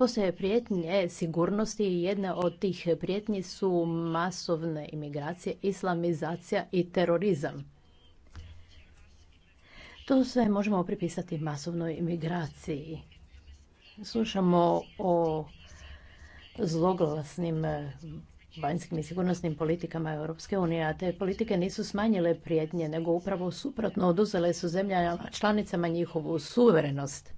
Postoje prijetnje sigurnosti i jedna od tih prijetnji su masovne imigracije, islamizacija i terorizam. To sve možemo pripisati masovnoj imigraciji. Slušamo o zloglasnim vanjskim i sigurnosnim politikama Europske unije, a te politike nisu smanjile prijetnje, nego upravo suprotno oduzele su zemljama članicama njihovu suverenost.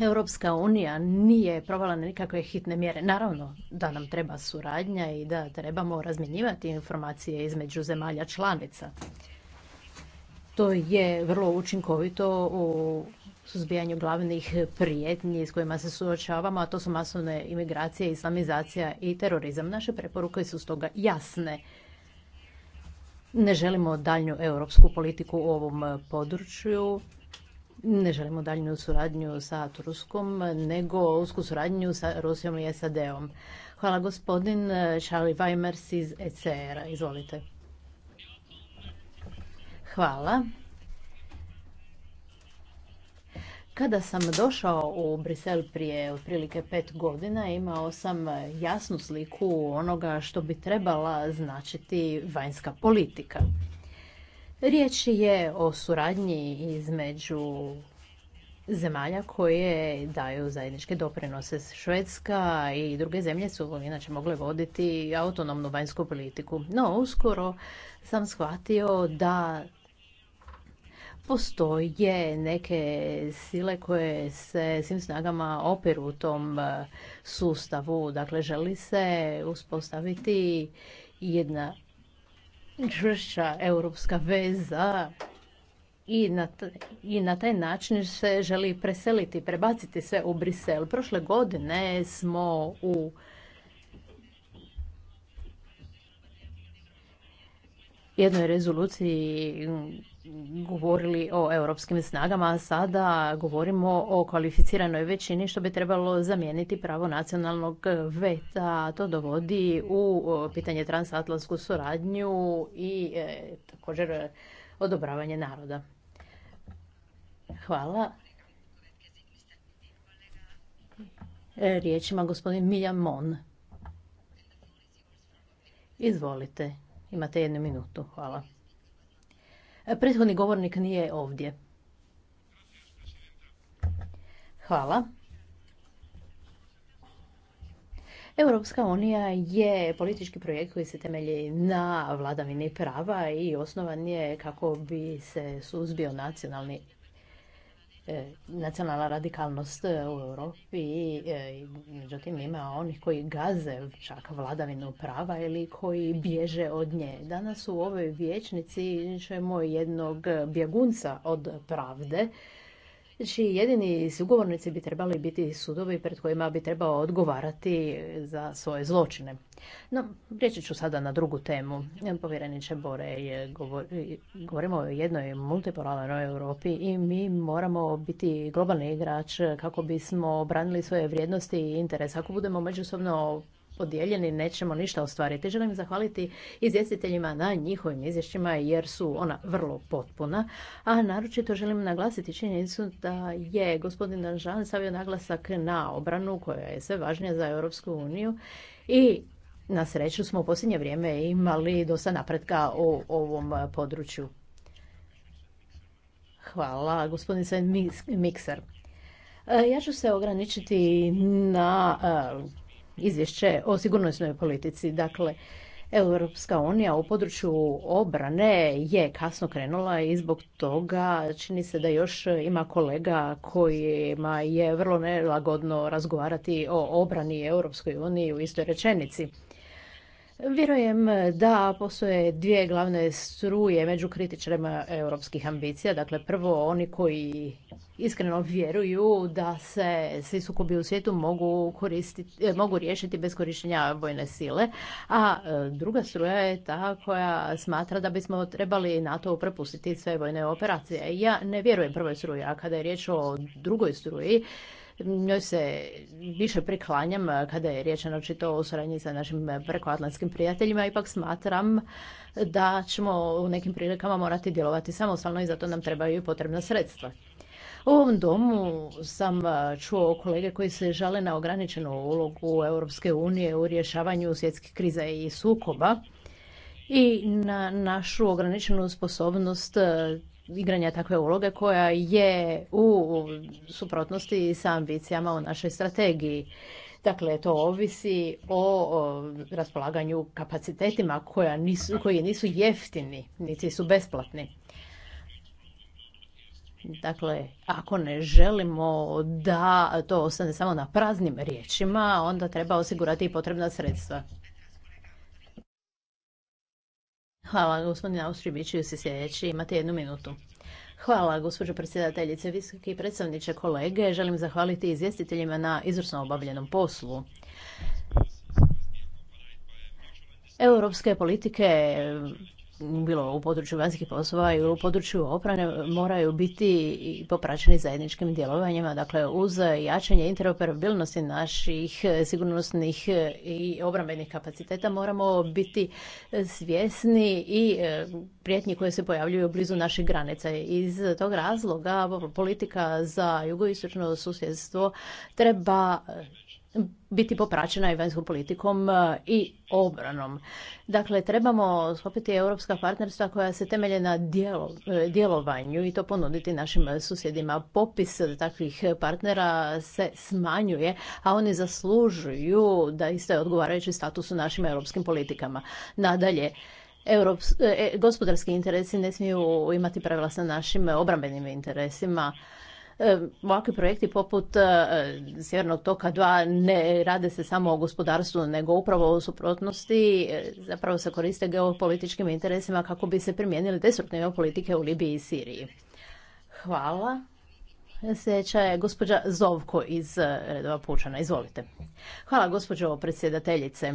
Europska unija nije provala nikakve hitne mjere. Naravno da nam treba suradnja i da trebamo razmjenjivati informacije između zemalja članica. To je vrlo učinkovito u suzbijanju glavnih prijetnji s kojima se suočavamo, a to su masovne imigracije, islamizacija i terorizam. Naše preporuke su stoga jasne. Ne želimo daljnju europsku politiku u ovom području ne želimo daljnju suradnju sa Turskom, nego usku suradnju sa Rusijom i SAD-om. Hvala gospodin eh, Charlie Weimers iz ECR-a. Izvolite. Hvala. Kada sam došao u Brisel prije otprilike pet godina, imao sam jasnu sliku onoga što bi trebala značiti vanjska politika. Riječ je o suradnji između zemalja koje daju zajedničke doprinose. Švedska i druge zemlje su inače mogle voditi autonomnu vanjsku politiku. No, uskoro sam shvatio da postoje neke sile koje se svim snagama operu u tom e, sustavu. Dakle, želi se uspostaviti jedna čvršća europska veza i na, i na taj način se želi preseliti, prebaciti sve u Brisel. Prošle godine smo u jednoj rezoluciji govorili o europskim snagama, a sada govorimo o kvalificiranoj većini što bi trebalo zamijeniti pravo nacionalnog veta. To dovodi u pitanje transatlantsku suradnju i e, također odobravanje naroda. Hvala. E, Riječima gospodin Miljan Mon. Izvolite, Imate jednu minutu, hvala. Prethodni govornik nije ovdje. Hvala. Europska unija je politički projekt koji se temelji na vladavini prava i osnovan je kako bi se suzbio nacionalni E, nacionalna radikalnost e, u Europi e, međutim ima onih koji gaze čak vladavinu prava ili koji bježe od nje. Danas u ovoj vijećnici ćemo jednog bjegunca od pravde čiji znači, jedini sugovornici bi trebali biti sudovi pred kojima bi trebao odgovarati za svoje zločine. No, reći ću sada na drugu temu. Povjereniče Bore, govorimo o jednoj multipolarnoj Europi i mi moramo biti globalni igrač kako bismo obranili svoje vrijednosti i interes. Ako budemo međusobno podijeljeni nećemo ništa ostvariti. Želim zahvaliti izvjestiteljima na njihovim izvješćima jer su ona vrlo potpuna, a naročito želim naglasiti činjenicu da je gospodin Danžan savio naglasak na obranu koja je sve važnija za Europsku uniju i na sreću smo u posljednje vrijeme imali dosta napretka u ovom području. Hvala, gospodin Sven Mikser. E, ja ću se ograničiti na e, izvješće o sigurnosnoj politici. Dakle, Europska unija u području obrane je kasno krenula i zbog toga čini se da još ima kolega kojima je vrlo nelagodno razgovarati o obrani Europskoj uniji u istoj rečenici. Vjerujem eh, da postoje dvije glavne struje među kritičarima europskih ambicija. Dakle, prvo oni koji iskreno vjeruju da se svi sukobi u svijetu mogu, koristiti, eh, mogu riješiti bez korištenja vojne sile, a eh, druga struja je ta koja smatra da bismo trebali NATO prepustiti sve vojne operacije. Ja ne vjerujem prvoj struji, a kada je riječ o drugoj struji, njoj se više priklanjam kada je riječ očito o suradnji sa našim prekoatlantskim prijateljima, ipak smatram da ćemo u nekim prilikama morati djelovati samostalno i zato nam trebaju potrebna sredstva. U ovom domu sam čuo kolege koji se žale na ograničenu ulogu Europske unije u rješavanju svjetskih kriza i sukoba i na našu ograničenu sposobnost igranja takve uloge koja je u suprotnosti sa ambicijama u našoj strategiji. Dakle, to ovisi o, raspolaganju kapacitetima koji nisu jeftini, niti su besplatni. Dakle, ako ne želimo da to ostane samo na praznim riječima, onda treba osigurati i potrebna sredstva. Hvala, gospodine Austribiću. Se sljedeći imate jednu minutu. Hvala, gospođo predsjedateljice, visoki predstavniče kolege. Želim zahvaliti izvjestiteljima na izvrsno obavljenom poslu. Europske politike bilo u području vanjskih poslova i u području obrane moraju biti i popraćeni zajedničkim djelovanjima. Dakle, uz jačanje interoperabilnosti naših sigurnosnih i obrambenih kapaciteta moramo biti svjesni i e, prijetnji koje se pojavljuju blizu naših granica. Iz tog razloga politika za jugoistočno susjedstvo treba biti popraćena i vanjskom politikom e, i obranom. Dakle, trebamo sklopiti europska partnerstva koja se temelje na e, djelovanju i to ponuditi našim susjedima. Popis takvih partnera se smanjuje, a oni zaslužuju da iste odgovarajući status u našim europskim politikama. Nadalje, e, gospodarski interesi ne smiju imati pravila sa našim obrambenim interesima. E, ovakvi projekti poput e, Sjevernog toka 2 ne rade se samo o gospodarstvu, nego upravo o suprotnosti e, zapravo se koriste geopolitičkim interesima kako bi se primijenili destruktivne politike u Libiji i Siriji. Hvala. Sljedeća je gospođa Zovko iz Redova Pučana. Izvolite. Hvala gospođo predsjedateljice.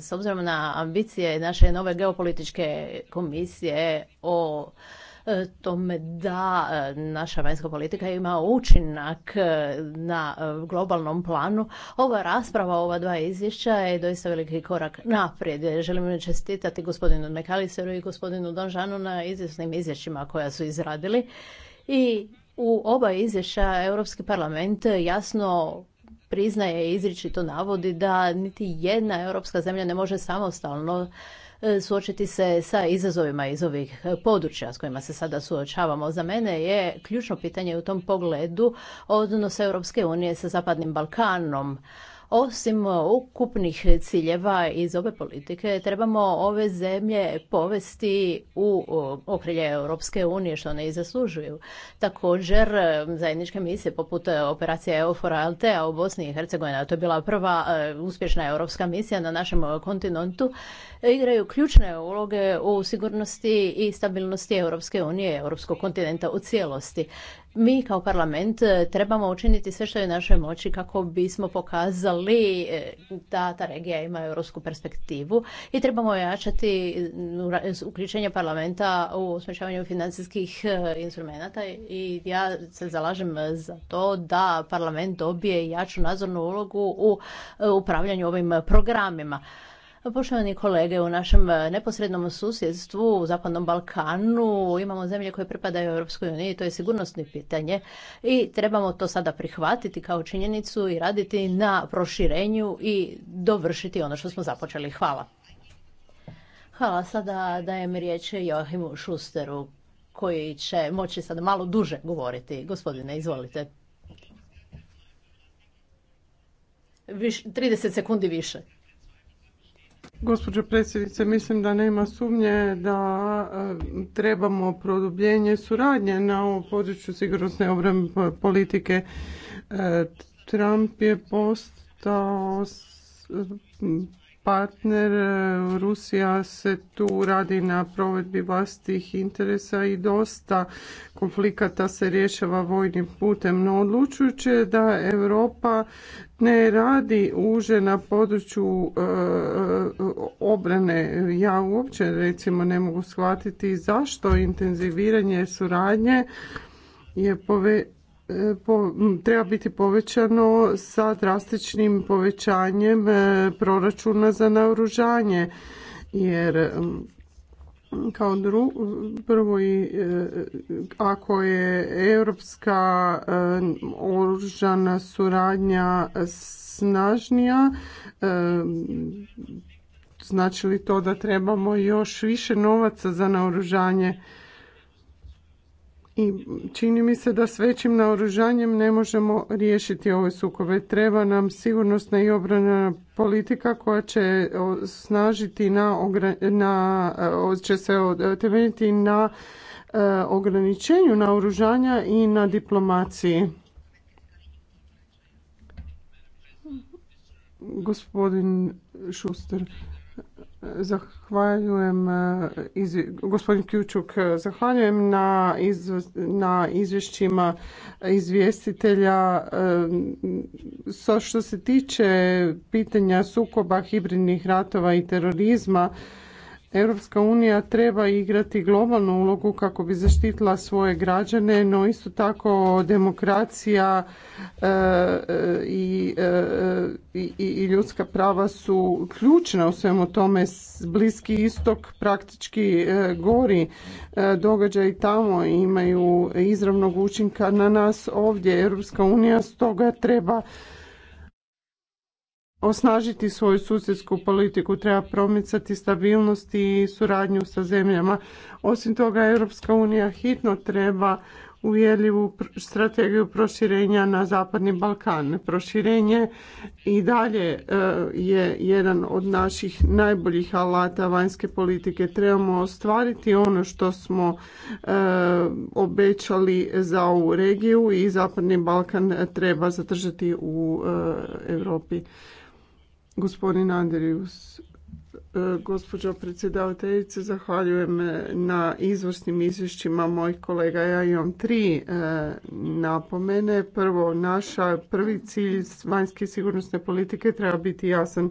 S obzirom na ambicije naše nove geopolitičke komisije o E, tome da e, naša vanjska politika ima učinak e, na globalnom planu. Ova rasprava, ova dva izvješća je doista veliki korak naprijed. Želim čestitati gospodinu Mekaliseru i gospodinu Donžanu na izvjesnim izvješćima koja su izradili. I u oba izvješća Europski parlament jasno priznaje i izričito navodi da niti jedna europska zemlja ne može samostalno E, suočiti se sa izazovima iz ovih e, područja s kojima se sada suočavamo. Za mene je ključno pitanje u tom pogledu odnos Europske unije sa Zapadnim Balkanom. Osim e, ukupnih ciljeva iz ove politike, trebamo ove zemlje povesti u okrilje Europske unije, što ne i zaslužuju. Također, e, zajedničke misije poput e, operacije Eufor Altea u Bosni i Hercegovini, to je bila prva uspješna europska misija na našem kontinentu, igraju ključne uloge u sigurnosti i stabilnosti Europske unije i europskog kontinenta u cijelosti mi kao parlament e, trebamo učiniti sve što je u našoj moći kako bismo pokazali e, da ta regija ima europsku perspektivu i trebamo jačati mm, uključenje parlamenta u osmišljavanju financijskih e, instrumenata i ja se zalažem za to da parlament dobije jaču nadzornu ulogu u upravljanju ovim programima. Pa poštovani kolege, u našem e, neposrednom susjedstvu, u Zapadnom Balkanu, imamo zemlje koje pripadaju Europskoj uniji, to je sigurnosno pitanje i trebamo to sada prihvatiti kao činjenicu i raditi na proširenju i dovršiti ono što smo započeli. Hvala. Hvala, sada dajem riječ Joachimu Šusteru koji će moći sada malo duže govoriti. Gospodine, izvolite. Trideset 30 sekundi više. Gospođo predsjednice, mislim da nema sumnje da e, trebamo produbljenje suradnje na ovom području sigurnosne obrane politike. E, Trump je postao partner. E, Rusija se tu radi na provedbi vlastitih interesa i dosta konflikata se rješava vojnim putem. No odlučujuće je da Europa ne radi uže na području e, e, obrane. Ja uopće recimo ne mogu shvatiti zašto intenziviranje suradnje je pove treba biti povećano sa drastičnim povećanjem e, proračuna za naoružanje jer kao prvo i e, ako je europska e, oružana suradnja snažnija znači li to da trebamo još više novaca za naoružanje i čini mi se da s većim naoružanjem ne možemo riješiti ove sukobe. Treba nam sigurnosna i obrana politika koja će snažiti na, na e, će se temeljiti na e, ograničenju naoružanja i na diplomaciji. Gospodin Šuster. Zahvaljujem e, gospodin Ključuk, e, zahvaljujem na, izvješćima izvjestitelja. E, što se tiče pitanja sukoba hibridnih ratova i terorizma, Europska unija treba igrati globalnu ulogu kako bi zaštitila svoje građane, no isto tako demokracija e, e, e, i, i ljudska prava su ključna u svemu tome. Bliski istok praktički gori događaj tamo imaju izravnog učinka na nas ovdje. Europska unija stoga treba osnažiti svoju susjedsku politiku, treba promicati stabilnost i suradnju sa zemljama. Osim toga, Europska unija hitno treba uvjerljivu strategiju proširenja na Zapadni Balkan. Proširenje i dalje e, je jedan od naših najboljih alata vanjske politike. Trebamo ostvariti ono što smo e, obećali za ovu regiju i Zapadni Balkan treba zadržati u e, Europi. Gospodin Andrius, e, gospođo predsjedavateljice, zahvaljujem na izvrsnim izvješćima mojih kolega. Ja imam tri e, napomene. Prvo, naša prvi cilj vanjske sigurnosne politike treba biti jasan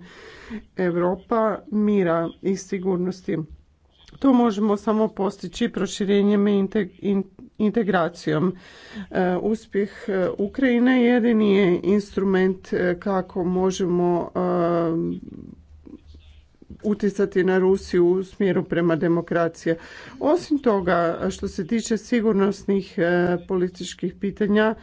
Europa mira i sigurnosti to možemo samo postići proširenjem i integracijom. E, uspjeh e, Ukrajine jedini je instrument e, kako možemo utjecati na Rusiju u smjeru prema demokracije. Osim toga, što se tiče sigurnosnih političkih pitanja,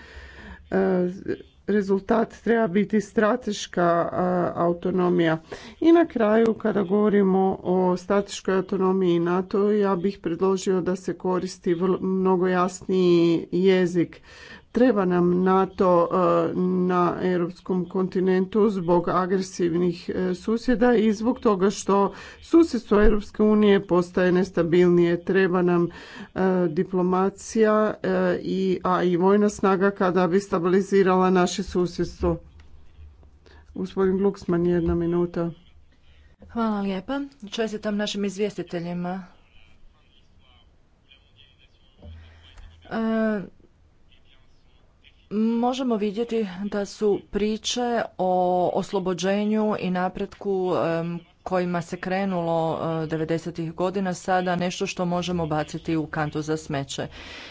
rezultat treba biti strateška autonomija. I na kraju, kada govorimo o strateškoj autonomiji NATO, ja bih predložio da se koristi mnogo jasniji jezik. Treba nam NATO e, na europskom kontinentu zbog agresivnih e, susjeda i zbog toga što susjedstvo Europske unije postaje nestabilnije. Treba nam e, diplomacija, i, a i vojna snaga kada bi stabilizirala naše susjedstvo. Gospodin luksman jedna minuta. Hvala lijepa. Čestitam našim izvjestiteljima možemo vidjeti da su priče o oslobođenju i napretku kojima se krenulo 90. E, godina sada nešto što možemo baciti u kantu za smeće.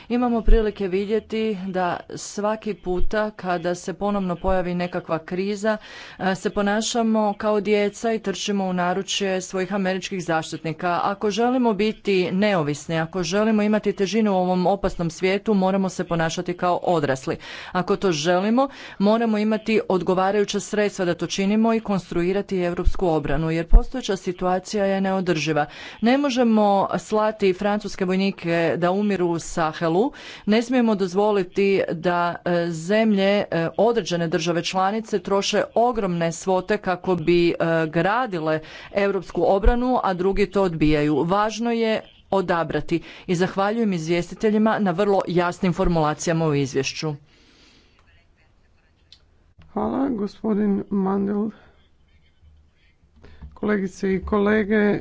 Imamo prilike vidjeti da svaki puta kada se ponovno pojavi nekakva kriza e, se ponašamo kao djeca i trčimo u naručje svojih američkih zaštitnika. Ako želimo biti neovisni, ako želimo imati težinu u ovom opasnom svijetu, moramo se ponašati kao odrasli. Ako to želimo, moramo imati odgovarajuća sredstva da to činimo i konstruirati europsku obranu jer postojeća situacija je neodrživa. Ne možemo slati francuske vojnike da umiru u Sahelu, ne smijemo dozvoliti da e, zemlje, e, određene države članice troše ogromne svote kako bi e, gradile europsku obranu, a drugi to odbijaju. Važno je odabrati i zahvaljujem izvjestiteljima na vrlo jasnim formulacijama u izvješću. Hvala, gospodin Mandel kolegice i kolege.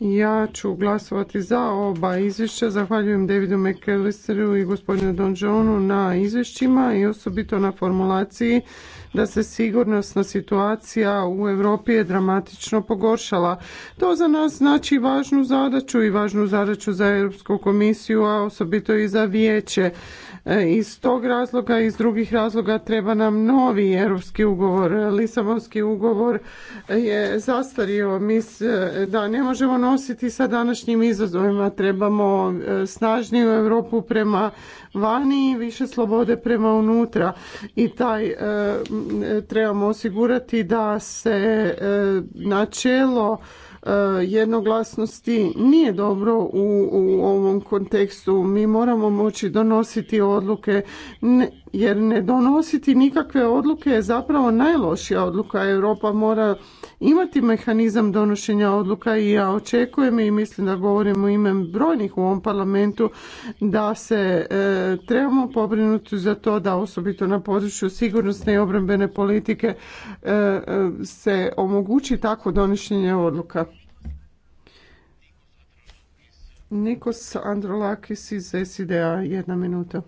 Ja ću glasovati za oba izvješća. Zahvaljujem Davidu McAllisteru i gospodinu Johnu na izvješćima i osobito na formulaciji da se sigurnosna situacija u Europi je dramatično pogoršala. To za nas znači važnu zadaću i važnu zadaću za Europsku komisiju, a osobito i za vijeće E, iz tog razloga i iz drugih razloga treba nam novi europski ugovor. Lisabonski ugovor je zastario. Mi e, da ne možemo nositi sa današnjim izazovima. Trebamo e, snažniju Europu prema vani i više slobode prema unutra. I taj trebamo osigurati da se načelo E, jednoglasnosti nije dobro u, ovom kontekstu. Mi moramo moći donositi odluke ne, jer ne donositi nikakve odluke je zapravo najlošija odluka. Europa mora imati mehanizam donošenja odluka i ja očekujem i mislim da govorim u ime brojnih u ovom parlamentu da se e, trebamo pobrinuti za to da osobito na području sigurnosne i obrambene politike e, se omogući takvo donošenje odluka. Nikos Androlakis iz SIDA, jedna minuta.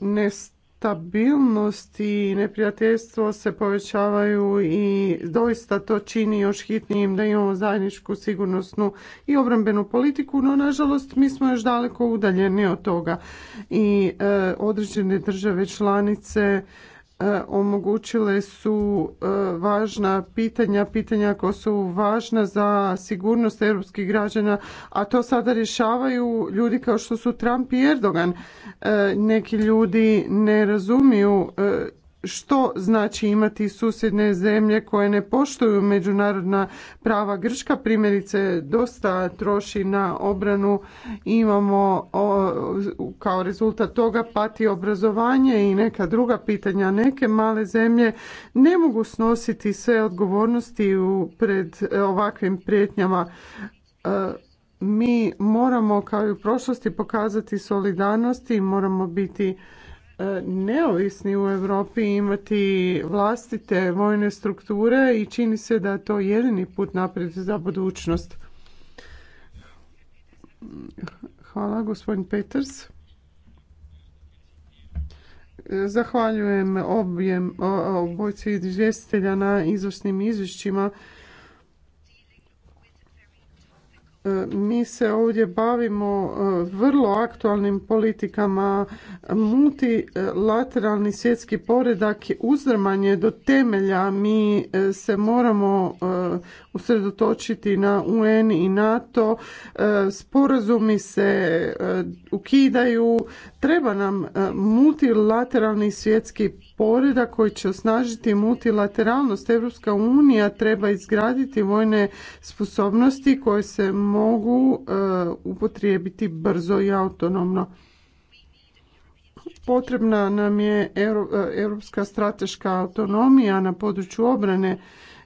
nestabilnost i neprijateljstvo se povećavaju i doista to čini još hitnijim da imamo zajedničku sigurnosnu i obrambenu politiku, no nažalost mi smo još daleko udaljeni od toga i e, određene države članice E, omogućile su e, važna pitanja, pitanja koja su važna za sigurnost europskih građana, a to sada rješavaju ljudi kao što su Trump i Erdogan. E, neki ljudi ne razumiju što znači imati susjedne zemlje koje ne poštuju međunarodna prava. Grčka primjerice dosta troši na obranu. Imamo kao rezultat toga pati obrazovanje i neka druga pitanja. Neke male zemlje ne mogu snositi sve odgovornosti pred e, ovakvim prijetnjama e, mi moramo kao i u prošlosti pokazati solidarnost i moramo biti E, neovisni u Europi imati vlastite vojne strukture i čini se da je to jedini put naprijed za budućnost. Hvala, gospodin Peters. Zahvaljujem objem obojci izvjestitelja na izvrsnim izvješćima E, mi se ovdje bavimo e, vrlo aktualnim politikama. Multilateralni svjetski poredak uzdrman do temelja. Mi e, se moramo usredotočiti na UN i NATO. Sporazumi se ukidaju. Treba nam multilateralni svjetski poreda koji će osnažiti multilateralnost. Evropska unija treba izgraditi vojne sposobnosti koje se mogu e, upotrijebiti brzo i autonomno. Potrebna nam je e, europska strateška autonomija na području obrane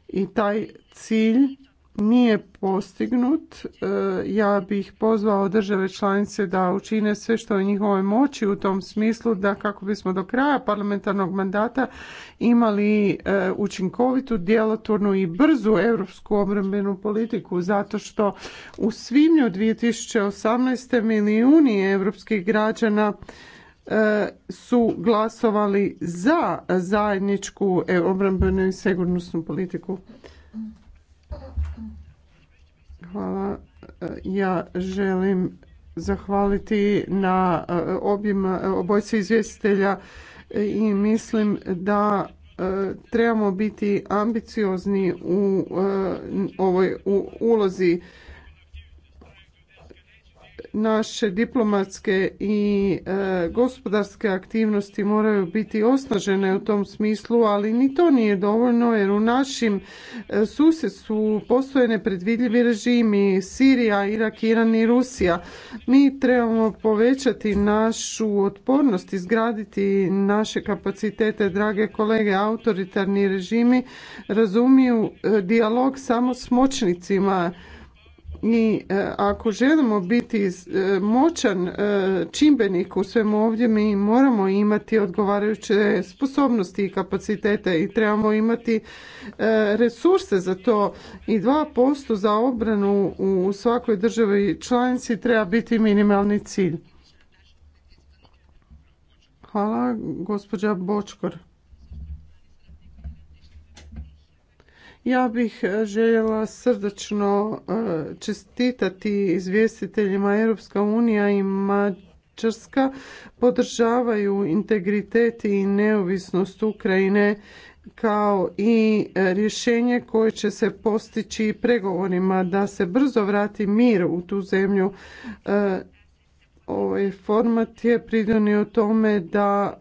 i taj cilj nije postignut. E, ja bih pozvao države članice da učine sve što je njihovoj moći u tom smislu da kako bismo do kraja parlamentarnog mandata imali e, učinkovitu, djelotvornu i brzu europsku obrambenu politiku zato što u svibnju 2018. milijuni europskih građana e, su glasovali za zajedničku obrambenu i sigurnosnu politiku. Hvala. E, ja želim zahvaliti na e, objema obojci izvjestitelja i mislim da e, trebamo biti ambiciozni u ovoj u ulozi naše diplomatske i e, gospodarske aktivnosti moraju biti osnažene u tom smislu, ali ni to nije dovoljno jer u našim e, susjedstvu postoje nepredvidljivi režimi Sirija, Irak, Iran i Rusija. Mi trebamo povećati našu otpornost, izgraditi naše kapacitete, drage kolege, autoritarni režimi razumiju e, dijalog samo s moćnicima mi e, ako želimo biti e, moćan e, čimbenik u svemu ovdje, mi moramo imati odgovarajuće sposobnosti i kapacitete i trebamo imati resurse za to i 2% za obranu u svakoj državi članici treba biti minimalni cilj. Hvala, gospođa Bočkor. Ja bih e, željela srdačno e, čestitati izvjestiteljima Europska unija i Mađarska podržavaju integritet i neovisnost Ukrajine kao i e, rješenje koje će se postići pregovorima da se brzo vrati mir u tu zemlju ovaj format je pridonio tome da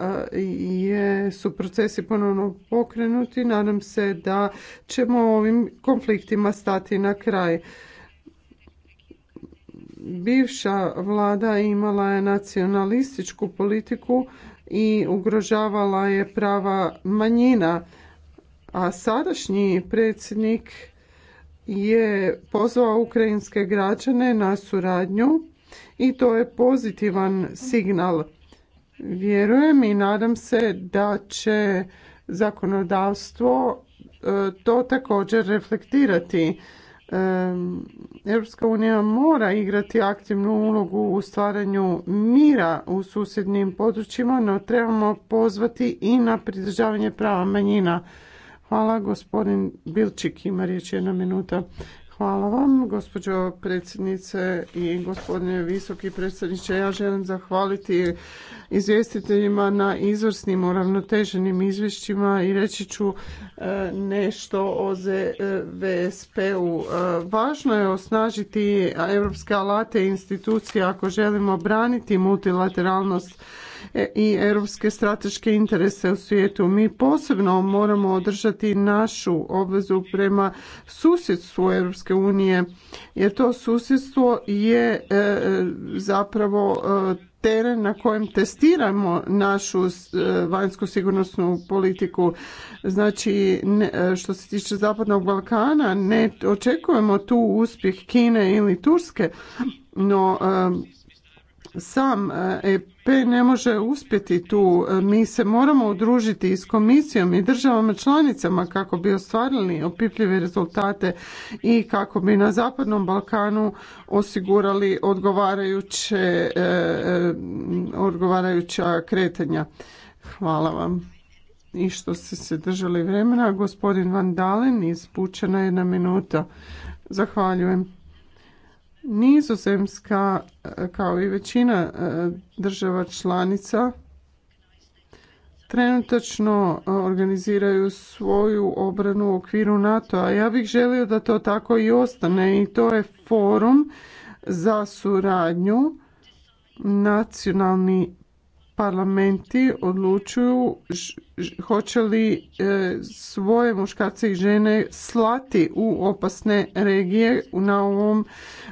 je, su procesi ponovno pokrenuti. Nadam se da ćemo ovim konfliktima stati na kraj. Bivša vlada imala je nacionalističku politiku i ugrožavala je prava manjina, a sadašnji predsjednik je pozvao ukrajinske građane na suradnju i to je pozitivan signal. Vjerujem i nadam se da će zakonodavstvo e, to također reflektirati. E, Europska unija mora igrati aktivnu ulogu u stvaranju mira u susjednim područjima, no trebamo pozvati i na pridržavanje prava manjina. Hvala, gospodin Bilčik ima riječ jedna minuta. Hvala vam, gospođo predsjednice i gospodine visoki predsjedniče. Ja želim zahvaliti izvjestiteljima na izvrsnim uravnoteženim izvješćima i reći ću e, nešto o VSP-u. E, važno je osnažiti europske alate i institucije ako želimo braniti multilateralnost i europske strateške interese u svijetu. Mi posebno moramo održati našu obvezu prema susjedstvu Europske unije, jer to susjedstvo je e, e, zapravo e, teren na kojem testiramo našu vanjsku sigurnosnu politiku. Znači, što se tiče Zapadnog Balkana, ne očekujemo tu uspjeh Kine ili Turske, no sam ne može uspjeti tu. Mi se moramo udružiti i s komisijom i državama članicama kako bi ostvarili opipljive rezultate i kako bi na Zapadnom Balkanu osigurali odgovarajuće, e, e, odgovarajuća kretanja. Hvala vam. I što ste se držali vremena, gospodin Van Dalen iz Pučana jedna minuta. Zahvaljujem. Nizozemska, e, kao i većina e, država članica, trenutačno e, organiziraju svoju obranu u okviru NATO-a. Ja bih želio da to tako i ostane i to je forum za suradnju nacionalni parlamenti odlučuju hoće li e, svoje muškarce i žene slati u opasne regije na ovom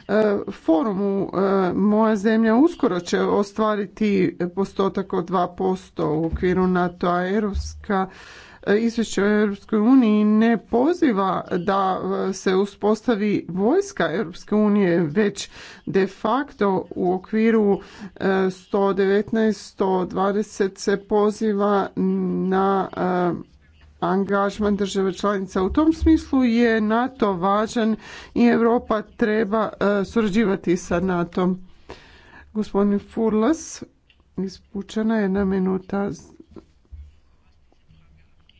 e, forumu. E, Moja zemlja uskoro će ostvariti postotak od 2% u okviru NATO-a. Europska izvješće o Europskoj uniji ne poziva da se uspostavi vojska Europske unije, već de facto u okviru 119-120 e, se poziva na e, angažman država članica. U tom smislu je NATO važan i Europa treba e, surađivati sa nato Gospodin Furlas, ispučena jedna minuta.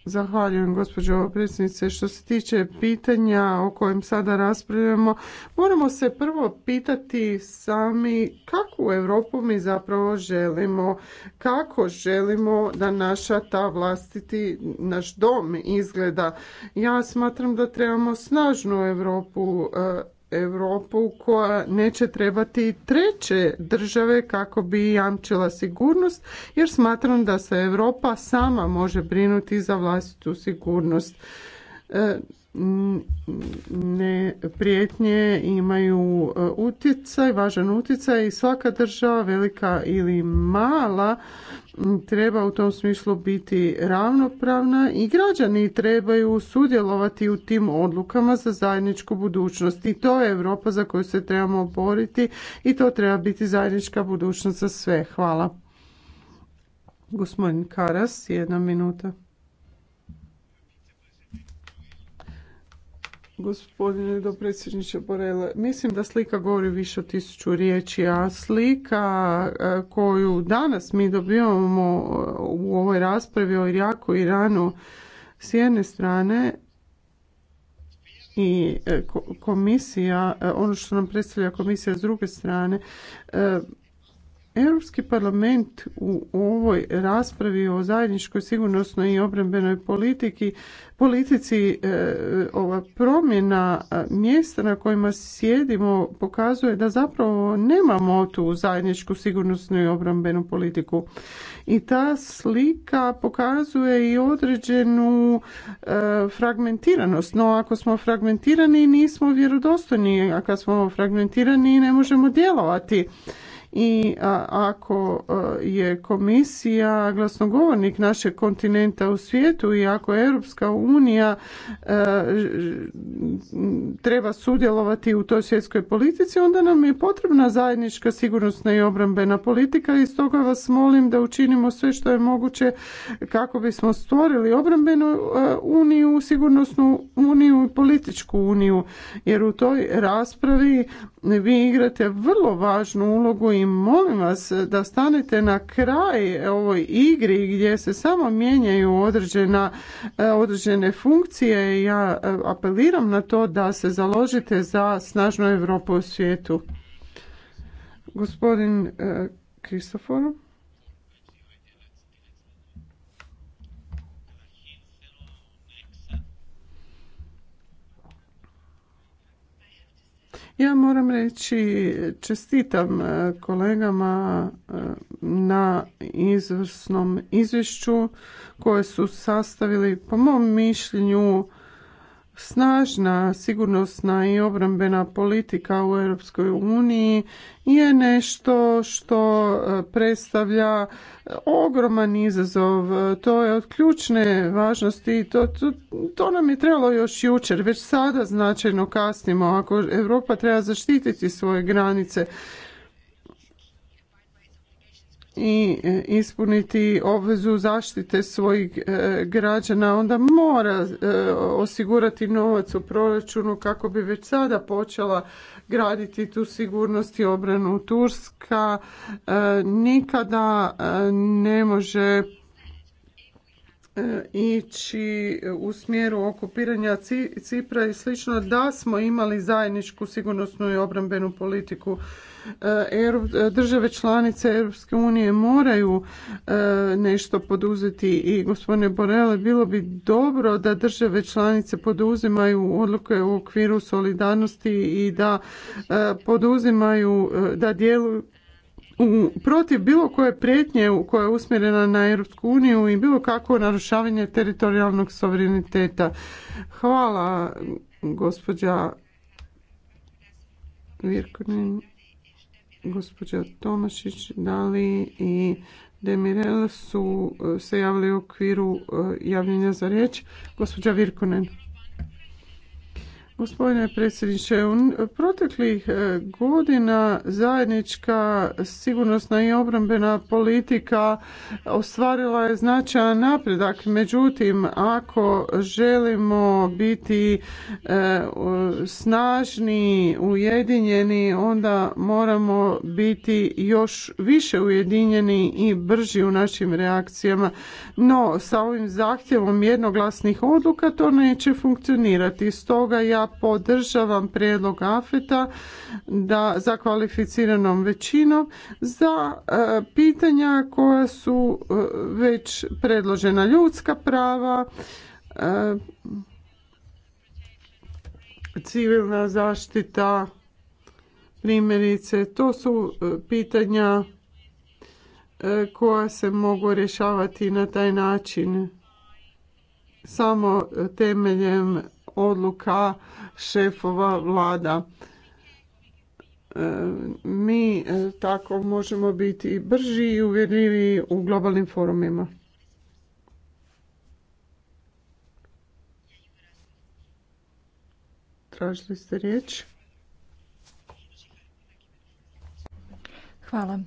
Zahvaljujem gospođo predsjednice. Što se tiče pitanja o kojem sada raspravljamo, moramo se prvo pitati sami kakvu Europu mi zapravo želimo, kako želimo da naša ta vlastiti, naš dom izgleda. Ja smatram da trebamo snažnu Europu e, Europu koja neće trebati treće države kako bi jamčila sigurnost jer smatram da se Europa sama može brinuti za vlastitu sigurnost. E, ne prijetnje imaju e, utjecaj, važan utjecaj i svaka država velika ili mala treba u tom smislu biti ravnopravna i građani trebaju sudjelovati u tim odlukama za zajedničku budućnost i to je Europa za koju se trebamo boriti i to treba biti zajednička budućnost za sve. Hvala. Gospodin Karas, jedna minuta. Gospodine dopredsjedniče Borele, mislim da slika govori više od tisuću riječi, a slika e, koju danas mi dobivamo e, u ovoj raspravi o jako i Iranu s jedne strane i e, komisija, ono što nam predstavlja komisija s druge strane, Europski parlament u ovoj raspravi o zajedničkoj sigurnosnoj i obrambenoj politiki, politici e, ova promjena e, mjesta na kojima sjedimo pokazuje da zapravo nemamo tu zajedničku sigurnosnu i obrambenu politiku. I ta slika pokazuje i određenu e, fragmentiranost. No ako smo fragmentirani nismo vjerodostojni, a kad smo fragmentirani ne možemo djelovati i ako je komisija glasnogovornik našeg kontinenta u svijetu i ako Europska unija e, treba sudjelovati u toj svjetskoj politici, onda nam je potrebna zajednička sigurnosna i obrambena politika i stoga vas molim da učinimo sve što je moguće kako bismo stvorili obrambenu e, uniju, sigurnosnu uniju i političku uniju jer u toj raspravi vi igrate vrlo važnu ulogu i molim vas da stanete na kraj ovoj igri gdje se samo mijenjaju određena, e, određene funkcije. Ja e, apeliram na to da se založite za snažnu Europu u svijetu. Gospodin e, Kristofor. Ja moram reći, čestitam e, kolegama e, na izvrsnom izvješću koje su sastavili, po mom mišljenju, snažna sigurnosna i obrambena politika u Europskoj uniji je nešto što e, predstavlja e, ogroman izazov. E, to je od ključne važnosti i to, to, to, nam je trebalo još jučer. Već sada značajno kasnimo. Ako Europa treba zaštititi svoje granice, i e, ispuniti obvezu zaštite svojih e, građana, onda mora e, osigurati novac u proračunu kako bi već sada počela graditi tu sigurnost i obranu. Turska nikada ne može E, ići u smjeru okupiranja Cipra i slično da smo imali zajedničku sigurnosnu i obrambenu politiku. E, države članice Europske unije moraju e, nešto poduzeti i gospodine Borele bilo bi dobro da države članice poduzimaju odluke u okviru solidarnosti i da poduzimaju da djeluju protiv bilo koje prijetnje koja je usmjerena na Europsku uniju i bilo kakvo narušavanje teritorijalnog suvereniteta. Hvala gospođa Virkonin, gospođa Tomašić, Dali i Demirel su eh, se javili u okviru eh, javljenja za riječ. Gospođa Virkonen. Gospodine predsjedniče, u proteklih e, godina zajednička sigurnosna i obrambena politika ostvarila je značajan napredak. Međutim, ako želimo biti e, snažni, ujedinjeni, onda moramo biti još više ujedinjeni i brži u našim reakcijama. No, sa ovim zahtjevom jednoglasnih odluka to neće funkcionirati. Stoga ja podržavam prijedlog AFETA da za kvalificiranom većinom za e, pitanja koja su e, već predložena ljudska prava, e, civilna zaštita, primjerice, to su pitanja koja se mogu rješavati na taj način samo temeljem odluka šefova vlada. E, mi e, tako možemo biti brži i uvjerljiviji u globalnim forumima. Tražili ste riječ? Hvala.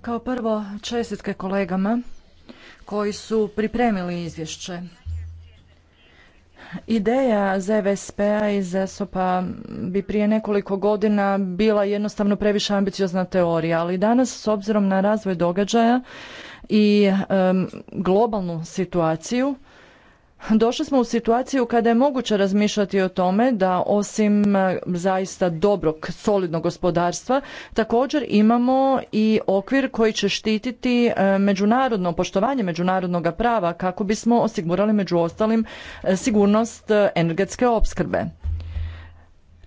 Kao prvo čestitke kolegama koji su pripremili izvješće. Ideja ZVSP-a e i e sop a bi prije nekoliko godina bila jednostavno previše ambiciozna teorija, ali danas s obzirom na razvoj događaja i globalnu situaciju Došli smo u situaciju kada je moguće razmišljati o tome da osim e, zaista dobrog, solidnog gospodarstva, također imamo i okvir koji će štititi e, međunarodno poštovanje međunarodnog prava kako bismo osigurali među ostalim e, sigurnost energetske opskrbe.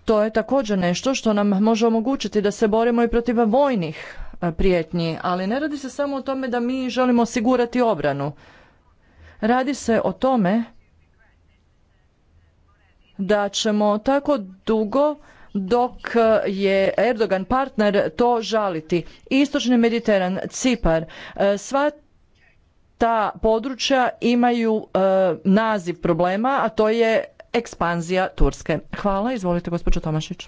To je također nešto što nam može omogućiti da se borimo i protiv vojnih prijetnji, ali ne radi se samo o tome da mi želimo osigurati obranu. Radi se o tome da ćemo tako dugo dok je Erdogan partner to žaliti. Istočni Mediteran, Cipar, e, sva ta područja imaju e, naziv problema, a to je ekspanzija Turske. Hvala, izvolite gospođo Tomašić.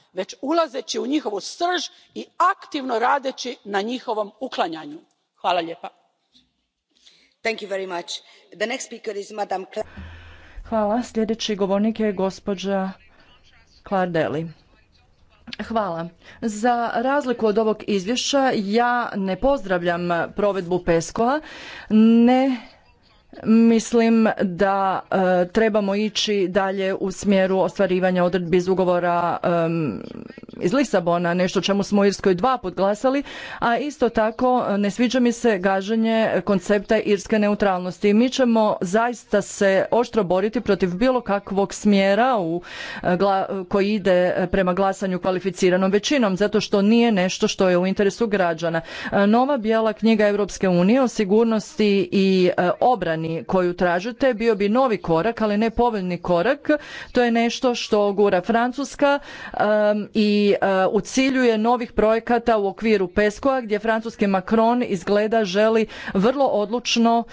već ulazeći u njihovu srž i aktivno radeći na njihovom uklanjanju. hvala lijepa. Hvala. Sljedeći govornik je gospođa Klardeli. Hvala. Za razliku od ovog izvješća ja ne pozdravljam provedbu PESCO-a, ne mislim da e, trebamo ići dalje u smjeru ostvarivanja odredbi iz ugovora iz Lisabona, nešto čemu smo u Irskoj dva put glasali, a isto tako e, ne sviđa mi se gaženje koncepta irske neutralnosti. mi ćemo zaista se oštro boriti protiv bilo kakvog smjera u, e, koji ide e, prema glasanju kvalificiranom većinom, zato što nije nešto što je u interesu građana. Nova bijela knjiga Europske unije o sigurnosti i obrani koju tražite bio bi novi korak, ali ne povoljni korak. To je nešto što gura Francuska i u uh, cilju je novih projekata u okviru pesco gdje francuski Macron izgleda želi vrlo odlučno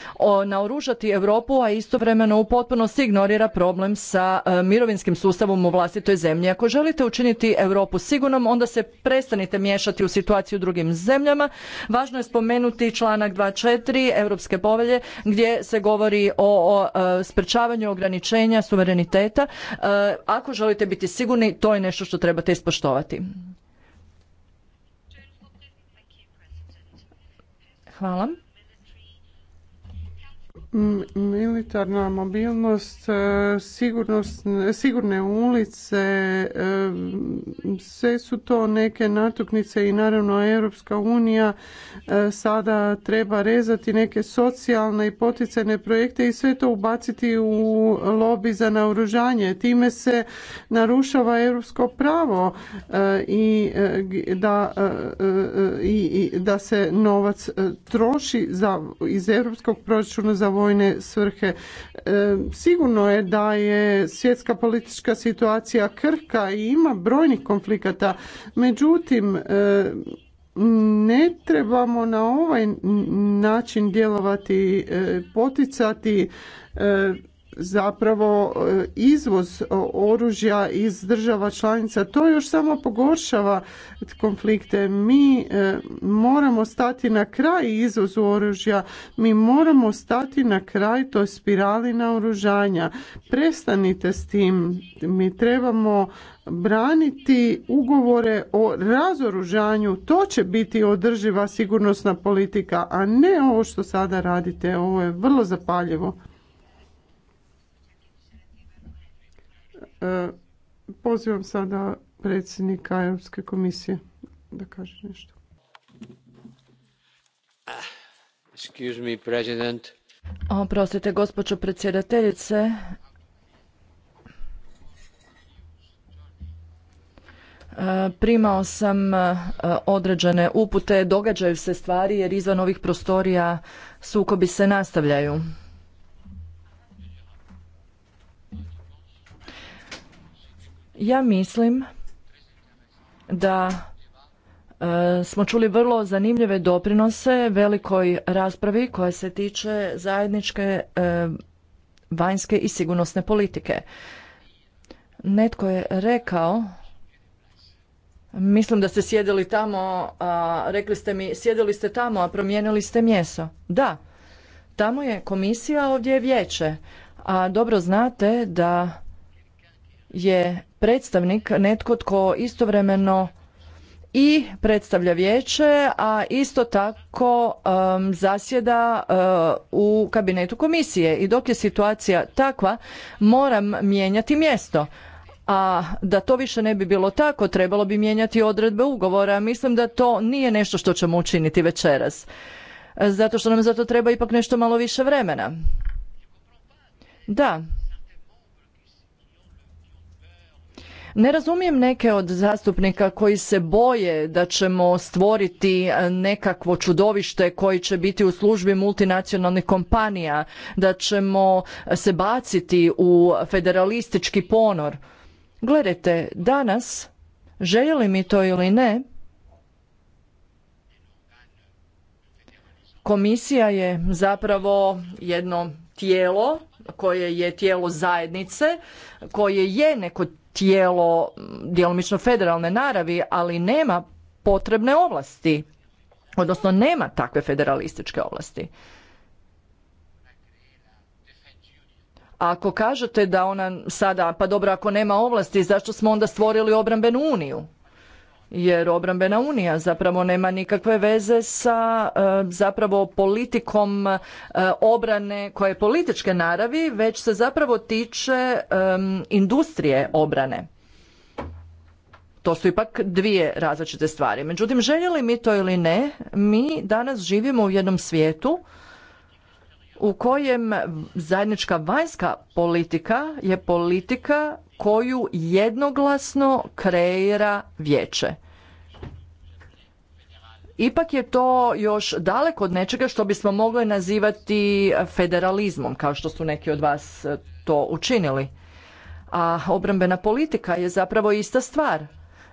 naoružati Europu, a istovremeno u potpunosti ignorira problem sa uh, mirovinskim sustavom u vlastitoj zemlji. Ako želite učiniti Europu sigurnom, onda se prestanite miješati u situaciju u drugim zemljama. Važno je spomenuti članak 2.4 Europske povelje gdje se govori o, o uh, sprečavanju ograničenja suvereniteta. Ako želite biti sigurni, to je nešto što trebate ispoštovati sudjelovati. Hvala militarna mobilnost, e, sigurne ulice, e, sve su to neke natuknice i naravno Europska unija e, sada treba rezati neke socijalne i poticajne projekte i sve to ubaciti u lobi za naoružanje. Time se narušava europsko pravo i da, i da se novac troši za, iz europskog proračuna za vojne svrhe. E, sigurno je da je svjetska politička situacija krka i ima brojnih konflikata. Međutim, e, ne trebamo na ovaj način djelovati, e, poticati zapravo e, izvoz e, oružja iz država članica. To još samo pogoršava konflikte. Mi e, moramo stati na kraj izvozu oružja. Mi moramo stati na kraj toj spirali oružanja. Prestanite s tim. Mi trebamo braniti ugovore o razoružanju. To će biti održiva sigurnosna politika, a ne ovo što sada radite. Ovo je vrlo zapaljivo. E, pozivam sada predsjednika Europske komisije da kaže nešto. Excuse me, president. Oprostite, gospođo predsjedateljice. E, primao sam e, određene upute, događaju se stvari jer izvan ovih prostorija sukobi se nastavljaju. Ja mislim da e, smo čuli vrlo zanimljive doprinose velikoj raspravi koja se tiče zajedničke e, vanjske i sigurnosne politike. Netko je rekao Mislim da ste sjedili tamo, a, rekli ste mi sjedili ste tamo, a promijenili ste mjesto. Da, tamo je komisija, ovdje je vijeće. A dobro znate da je predstavnik netko tko istovremeno i predstavlja vijeće, a isto tako zasjeda eh, u kabinetu komisije. I dok je situacija takva, moram mijenjati mjesto. A da to više ne bi bilo tako, trebalo bi mijenjati odredbe ugovora. Mislim da to nije nešto što ćemo učiniti večeras. Zato što nam za to treba ipak nešto malo više vremena. Da, Ne razumijem neke od zastupnika koji se boje da ćemo stvoriti e, nekakvo čudovište koji će biti u službi multinacionalnih kompanija, da ćemo se baciti u federalistički ponor. Gledajte, danas, željeli mi to ili ne, komisija je zapravo jedno tijelo koje je tijelo zajednice, koje je neko tijelo djelomično federalne naravi, ali nema potrebne ovlasti, odnosno nema takve federalističke ovlasti. Ako kažete da ona sada, pa dobro, ako nema ovlasti, zašto smo onda stvorili obrambenu uniju? jer obrambena unija zapravo nema nikakve veze sa e, zapravo politikom e, obrane koja je političke naravi, već se zapravo tiče e, industrije obrane. To su ipak dvije različite stvari. Međutim, željeli mi to ili ne, mi danas živimo u jednom svijetu u kojem zajednička vanjska politika je politika koju jednoglasno kreira vijeće. Ipak je to još daleko od nečega što bismo mogli nazivati federalizmom, kao što su neki od vas to učinili. A obrambena politika je zapravo ista stvar.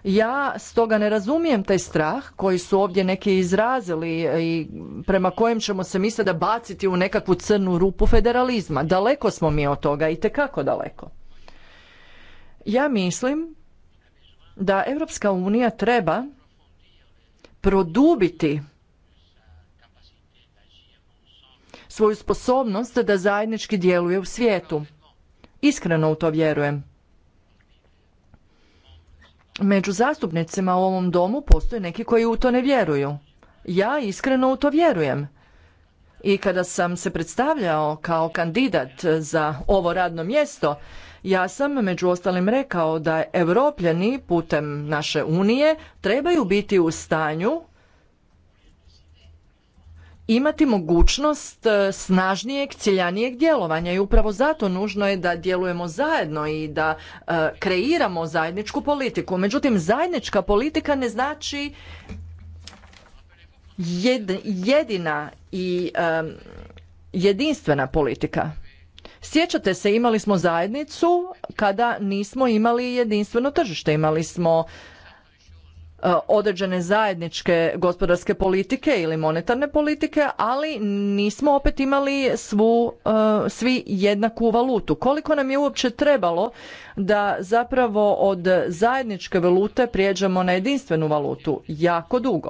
Ja stoga ne razumijem taj strah koji su ovdje neki izrazili i prema kojem ćemo se mi da baciti u nekakvu crnu rupu federalizma. Daleko smo mi od toga i tekako daleko. Ja mislim da Europska unija treba produbiti svoju sposobnost da zajednički djeluje u svijetu. Iskreno u to vjerujem. Među zastupnicima u ovom domu postoje neki koji u to ne vjeruju. Ja iskreno u to vjerujem i kada sam se predstavljao kao kandidat za ovo radno mjesto, ja sam među ostalim rekao da europljani putem naše unije trebaju biti u stanju imati mogućnost e, snažnijeg, ciljanijeg djelovanja i upravo zato nužno je da djelujemo zajedno i da e, kreiramo zajedničku politiku. Međutim, zajednička politika ne znači jedina i jedinstvena politika. Sjećate se, imali smo zajednicu kada nismo imali jedinstveno tržište, imali smo e, određene zajedničke gospodarske politike ili monetarne politike, ali nismo opet imali svu, e, svi jednaku valutu. Koliko nam je uopće trebalo da zapravo od zajedničke valute prijeđemo na jedinstvenu valutu? Jako dugo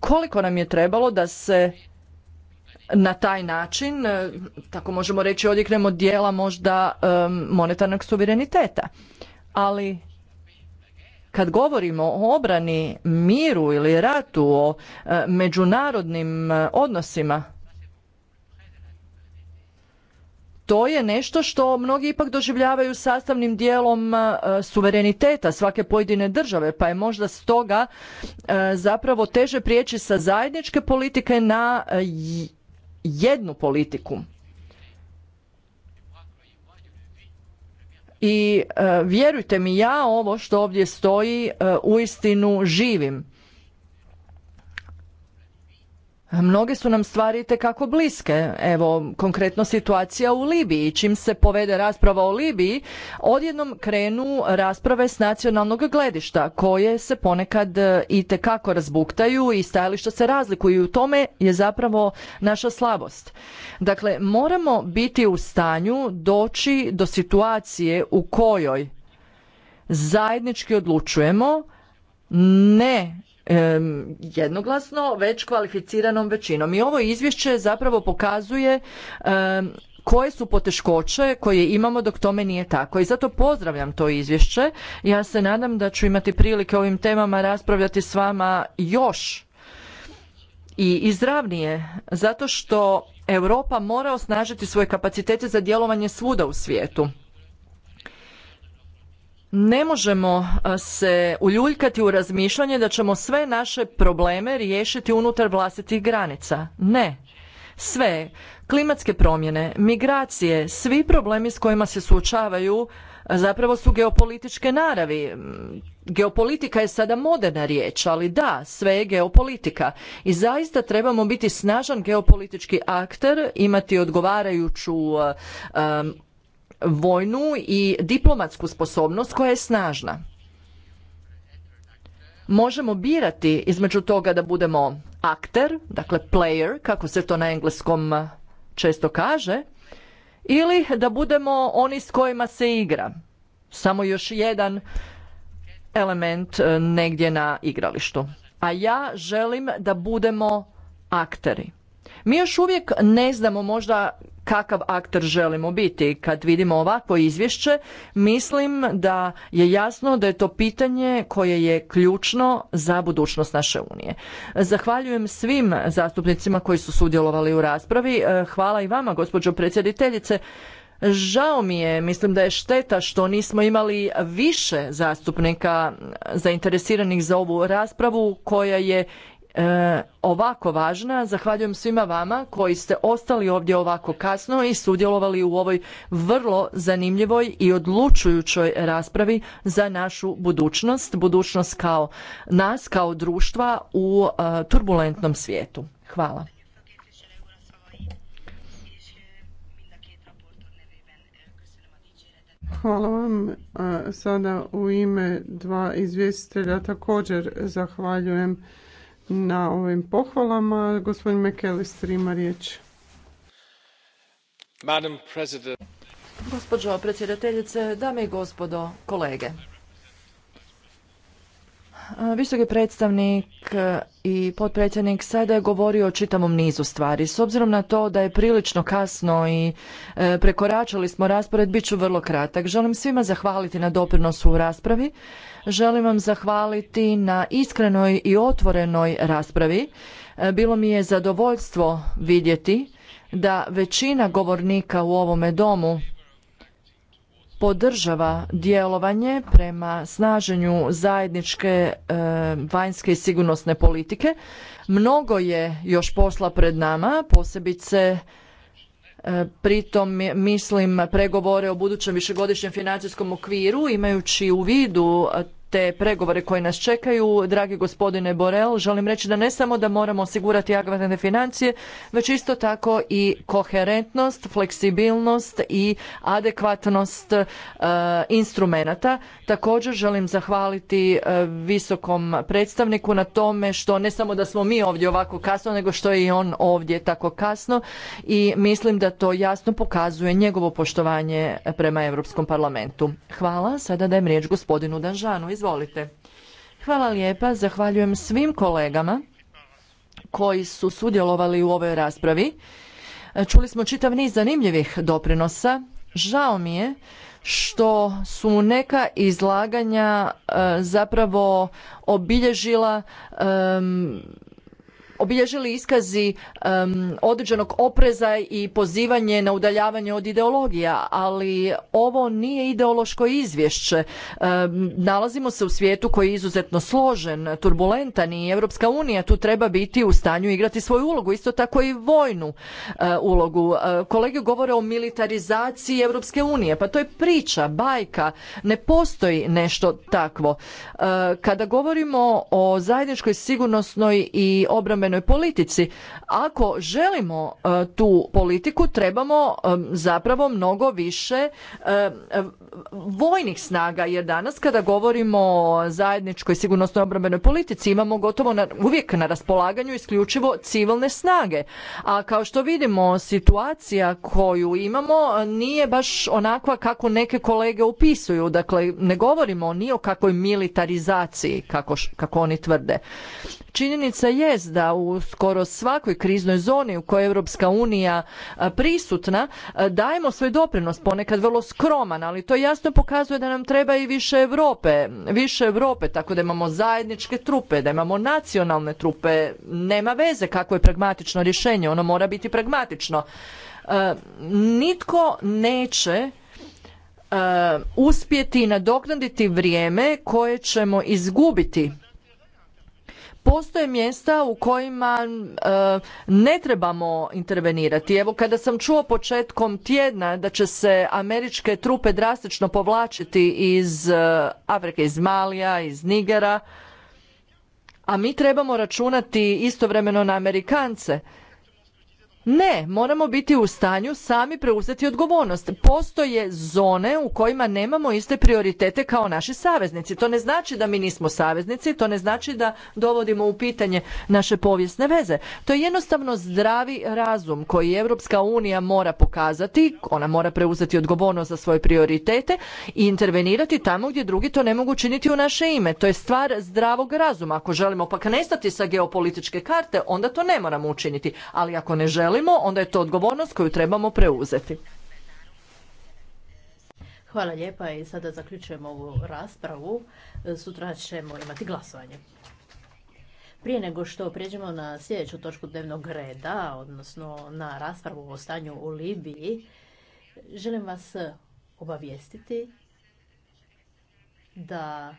koliko nam je trebalo da se na taj način, e, tako možemo reći, odjeknemo dijela možda monetarnog suvereniteta. Ali kad govorimo o obrani, miru ili ratu, o e, međunarodnim e, odnosima, to je nešto što mnogi ipak doživljavaju sastavnim dijelom e, suvereniteta svake pojedine države, pa je možda stoga e, zapravo teže prijeći sa zajedničke politike na e, jednu politiku. I vjerujte mi, ja ovo što ovdje stoji uistinu živim Mnoge su nam stvari kako bliske. Evo, konkretno situacija u Libiji. Čim se povede rasprava o Libiji, odjednom krenu rasprave s nacionalnog gledišta, koje se ponekad e, i tekako razbuktaju i stajališta se razlikuju. I u tome je zapravo naša slabost. Dakle, moramo biti u stanju doći do situacije u kojoj zajednički odlučujemo ne jednoglasno, već kvalificiranom većinom. I ovo izvješće zapravo pokazuje koje su poteškoće koje imamo dok tome nije tako. I zato pozdravljam to izvješće. Ja se nadam da ću imati prilike ovim temama raspravljati s vama još i izravnije, zato što Europa mora osnažiti svoje kapacitete za djelovanje svuda u svijetu ne možemo e, se uljuljkati u razmišljanje da ćemo sve naše probleme riješiti unutar vlastitih granica. Ne. Sve, klimatske promjene, migracije, svi problemi s kojima se suočavaju e, zapravo su geopolitičke naravi. Geopolitika je sada moderna riječ, ali da, sve je geopolitika. I zaista trebamo biti snažan geopolitički akter, imati odgovarajuću e, vojnu i diplomatsku sposobnost koja je snažna. Možemo birati između toga da budemo akter, dakle player, kako se to na engleskom eh, često kaže, ili da budemo oni s kojima se igra. Samo još jedan element eh, negdje na igralištu. A ja želim da budemo akteri. Mi još uvijek ne znamo možda kakav aktor želimo biti. Kad vidimo ovakvo izvješće, mislim da je jasno da je to pitanje koje je ključno za budućnost naše Unije. Zahvaljujem svim zastupnicima koji su sudjelovali u raspravi. E, hvala i vama, gospođo predsjediteljice. Žao mi je, mislim da je šteta što nismo imali više zastupnika zainteresiranih za ovu raspravu koja je E, ovako važna. Zahvaljujem svima vama koji ste ostali ovdje ovako kasno i sudjelovali u ovoj vrlo zanimljivoj i odlučujućoj raspravi za našu budućnost, budućnost kao nas, kao društva u e, turbulentnom svijetu. Hvala. Hvala vam. Sada u ime dva izvjestitelja također zahvaljujem na ovim pohvalama. Gospodin McAllister ima riječ. Madam Gospođo predsjedateljice, dame i gospodo, kolege. Visoki predstavnik e, i potpredsjednik sada je govorio o čitavom nizu stvari. S obzirom na to da je prilično kasno i e, prekoračili smo raspored, bit ću vrlo kratak. Želim svima zahvaliti na doprinosu u raspravi. Želim vam zahvaliti na iskrenoj i otvorenoj raspravi. E, bilo mi je zadovoljstvo vidjeti da većina govornika u ovome domu podržava djelovanje prema snaženju zajedničke e, vanjske i sigurnosne politike. Mnogo je još posla pred nama, posebice e, pritom mislim pregovore o budućem višegodišnjem financijskom okviru imajući u vidu te pregovore koji nas čekaju, dragi gospodine Borel, želim reći da ne samo da moramo osigurati agvatne financije, već isto tako i koherentnost, fleksibilnost i adekvatnost e, instrumenata. Također želim zahvaliti e, visokom predstavniku na tome što ne samo da smo mi ovdje ovako kasno, nego što je i on ovdje tako kasno i mislim da to jasno pokazuje njegovo poštovanje prema Europskom parlamentu. Hvala, sada dajem riječ gospodinu Danžanu. Izvolite. Hvala lijepa, zahvaljujem svim kolegama koji su sudjelovali u ovoj raspravi. Čuli smo čitav niz zanimljivih doprinosa. Žao mi je što su neka izlaganja e, zapravo obilježila obilježili iskazi određenog opreza i pozivanje na udaljavanje od ideologija, ali ovo nije ideološko izvješće. nalazimo se u svijetu koji je izuzetno složen, turbulentan i Europska unija tu treba biti u stanju igrati svoju ulogu, isto tako i vojnu e, ulogu. E, kolege govore o militarizaciji Europske unije, pa to je priča, bajka, ne postoji nešto takvo. E, kada govorimo o zajedničkoj sigurnosnoj i obrambenoj politici. Ako želimo e, tu politiku trebamo e, zapravo mnogo više e, vojnih snaga jer danas kada govorimo o zajedničkoj sigurnosnoj obrambenoj politici imamo gotovo na, uvijek na raspolaganju isključivo civilne snage. A kao što vidimo situacija koju imamo nije baš onakva kako neke kolege upisuju. Dakle, ne govorimo ni o kakvoj militarizaciji kako, kako oni tvrde. Činjenica je da u skoro svakoj kriznoj zoni u kojoj je Europska unija prisutna dajemo svoj doprinos ponekad vrlo skroman, ali to je jasno pokazuje da nam treba i više Europe, više Europe, tako da imamo zajedničke trupe, da imamo nacionalne trupe, nema veze kako je pragmatično rješenje, ono mora biti pragmatično. E, nitko neće e, uspjeti nadoknaditi vrijeme koje ćemo izgubiti postoje mjesta u kojima e, ne trebamo intervenirati. Evo kada sam čuo početkom tjedna da će se američke trupe drastično povlačiti iz e, Afrike, iz Malija, iz Nigera, a mi trebamo računati istovremeno na Amerikance. Ne, moramo biti u stanju sami preuzeti odgovornost. Postoje zone u kojima nemamo iste prioritete kao naši saveznici. To ne znači da mi nismo saveznici, to ne znači da dovodimo u pitanje naše povijesne veze. To je jednostavno zdravi razum koji Europska unija mora pokazati, ona mora preuzeti odgovornost za svoje prioritete i intervenirati tamo gdje drugi to ne mogu činiti u naše ime. To je stvar zdravog razuma. Ako želimo pak nestati sa geopolitičke karte, onda to ne moramo učiniti. Ali ako ne želimo, onda je to odgovornost koju trebamo preuzeti. Hvala lijepa i sada zaključujemo ovu raspravu. Sutra ćemo imati glasovanje. Prije nego što prijeđemo na sljedeću točku dnevnog reda, odnosno na raspravu o stanju u Libiji, želim vas obavijestiti da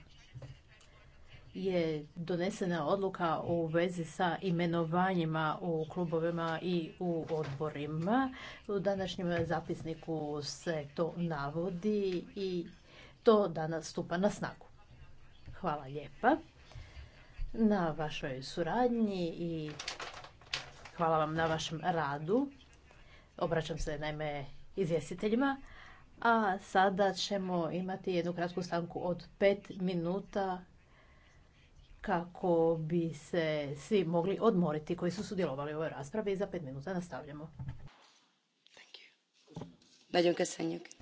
je donesena odluka u vezi sa imenovanjima u klubovima i u odborima. U današnjem zapisniku se to navodi i to danas stupa na snagu. Hvala lijepa na vašoj suradnji i hvala vam na vašem radu. Obraćam se naime izvjestiteljima. A sada ćemo imati jednu kratku stanku od pet minuta kako bi se svi mogli odmoriti koji su sudjelovali u ovoj raspravi i za pet minuta nastavljamo. Thank you.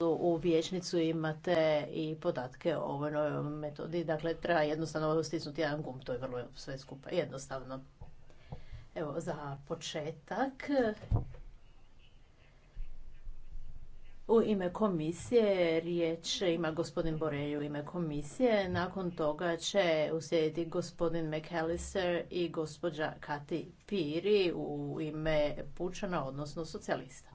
u vijećnicu imate i podatke o ovoj novoj metodi. Dakle, treba jednostavno stisnuti jedan gum, to je vrlo sve skupa jednostavno. Evo, za početak, u ime komisije riječ ima gospodin Borelj u ime komisije. Nakon toga će uslijediti gospodin McAllister i gospođa Kati Piri u ime Pučana, odnosno socijalista.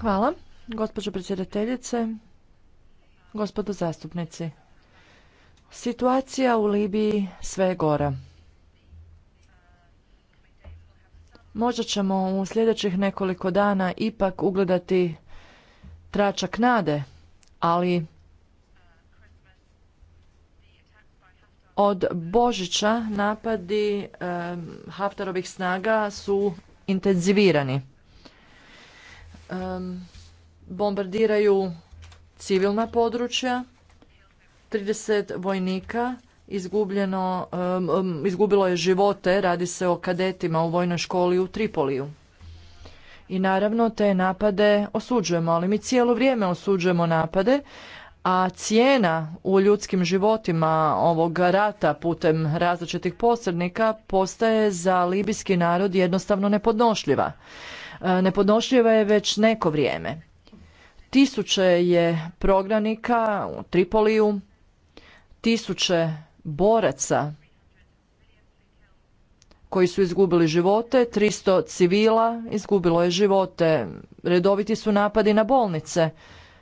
Hvala, gospođo predsjedateljice, gospodo zastupnici. Situacija u Libiji sve je gora. Možda ćemo u sljedećih nekoliko dana ipak ugledati tračak nade, ali od Božića napadi Haftarovih snaga su intenzivirani. bombardiraju civilna područja, 30 vojnika izgubilo je živote, radi se o kadetima u vojnoj školi u Tripoliju. I naravno te napade osuđujemo, ali mi cijelo vrijeme osuđujemo napade, a cijena u ljudskim životima ovog rata putem različitih posrednika postaje za libijski narod jednostavno nepodnošljiva. E, nepodnošljiva je već neko vrijeme. Tisuće je prognanika u Tripoliju, tisuće boraca koji su izgubili živote, 300 civila izgubilo je živote, redoviti su napadi na bolnice,